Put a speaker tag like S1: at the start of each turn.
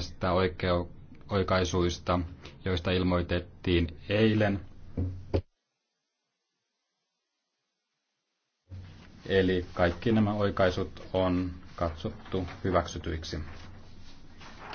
S1: näistä oikeu- oikaisuista, joista ilmoitettiin eilen. Eli kaikki nämä oikaisut on katsottu hyväksytyiksi.